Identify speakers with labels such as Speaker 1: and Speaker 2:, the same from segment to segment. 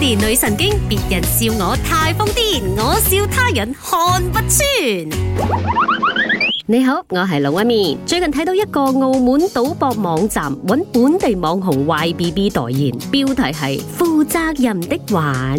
Speaker 1: 連女神經，別人笑我太瘋癲，我笑他人看不穿。你好，我係龍紋敏。最近睇到一個澳門賭博網站搵本地網紅 YBB 代言，標題係負責任的玩。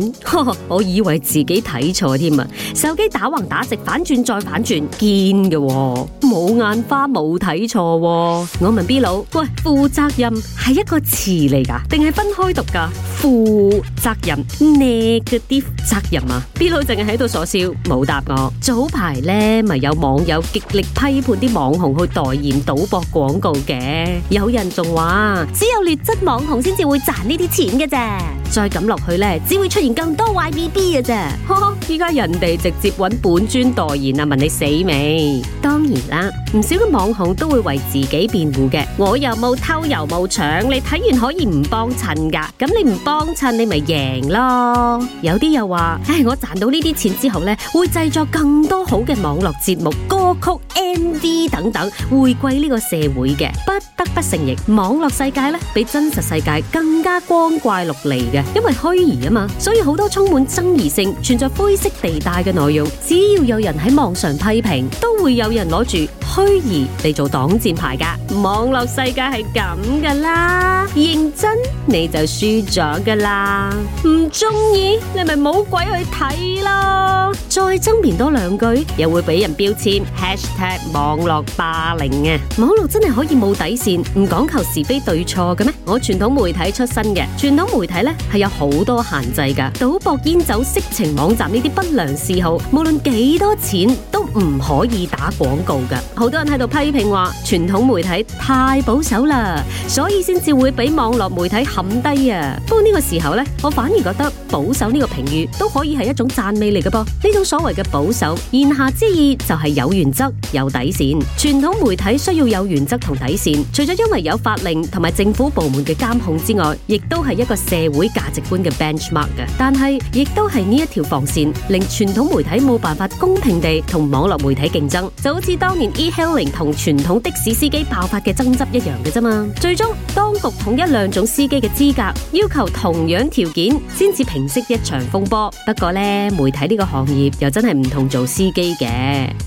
Speaker 1: 我以為自己睇錯添啊！手機打橫打直，反轉再反轉，堅嘅，冇眼花，冇睇錯。我問 B 佬，喂，負責任係一個詞嚟㗎，定係分開讀㗎？負責任 n 啲 g 責任啊 b 佬 l l 淨係喺度傻笑，冇答我。早排咧，咪有網友極力批判啲網紅去代言賭博廣告嘅，有人仲話只有劣質網紅先至會賺呢啲錢嘅啫。再咁落去咧，只會出現更多壞 BB 嘅啫。呵呵，依家人哋直接揾本尊代言啊！問你死未？當然啦，唔少嘅網紅都會為自己辯護嘅。我又冇偷又冇搶，你睇完可以唔幫襯噶？咁你唔幫？當襯你咪贏咯，有啲又話，唉、哎，我賺到呢啲錢之後呢，會製作更多好嘅網絡節目、歌曲、MV 等等，回饋呢個社會嘅。不得不承認，網絡世界呢，比真實世界更加光怪陸離嘅，因為虛擬啊嘛，所以好多充滿爭議性、存在灰色地帶嘅內容，只要有人喺網上批評，都會有人攞住虛擬嚟做擋箭牌噶。網絡世界係咁噶啦，認真你就輸咗。噶啦，唔中意你咪冇鬼去睇咯！再爭辯多兩句，又會俾人標籤 #hashtag 網絡霸凌啊！網絡真係可以冇底線，唔講求是非對錯嘅咩？我傳統媒體出身嘅，傳統媒體呢係有好多限制噶，賭博、煙酒、色情網站呢啲不良嗜好，無論幾多錢都唔可以打廣告噶。好多人喺度批評話，傳統媒體太保守啦，所以先至會俾網絡媒體冚低啊！呢、這個時候咧，我反而覺得，保守呢個評語都可以係一種讚美嚟嘅噃，呢種所謂嘅保守，言下之意就係有原則、有底線。傳統媒體需要有原則同底線，除咗因為有法令同埋政府部門嘅監控之外，亦都係一個社會價值觀嘅 benchmark 嘅。但係，亦都係呢一條防線，令傳統媒體冇辦法公平地同網絡媒體競爭，就好似當年 e-hailing 同傳統的士司機爆發嘅爭執一樣嘅啫嘛。最終，當局統一兩種司機嘅資格，要求同樣條件先至平。一場風波。不過呢，媒體呢個行業又真係唔同做司機嘅。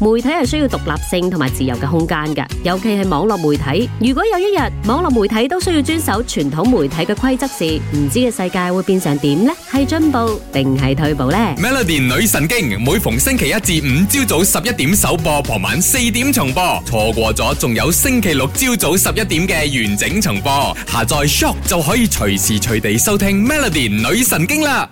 Speaker 1: 媒體係需要獨立性同埋自由嘅空間嘅。尤其係網絡媒體。如果有一日網絡媒體都需要遵守傳統媒體嘅規則時，唔知嘅世界會變成點呢？係進步定係退步呢？Melody 女神經每逢星期一至五朝早十一點首播，傍晚四點重播。錯過咗，仲有星期六朝早十一點嘅完整重播。下載 Syok 就可以隨時隨地收聽 Melody 女神經啦。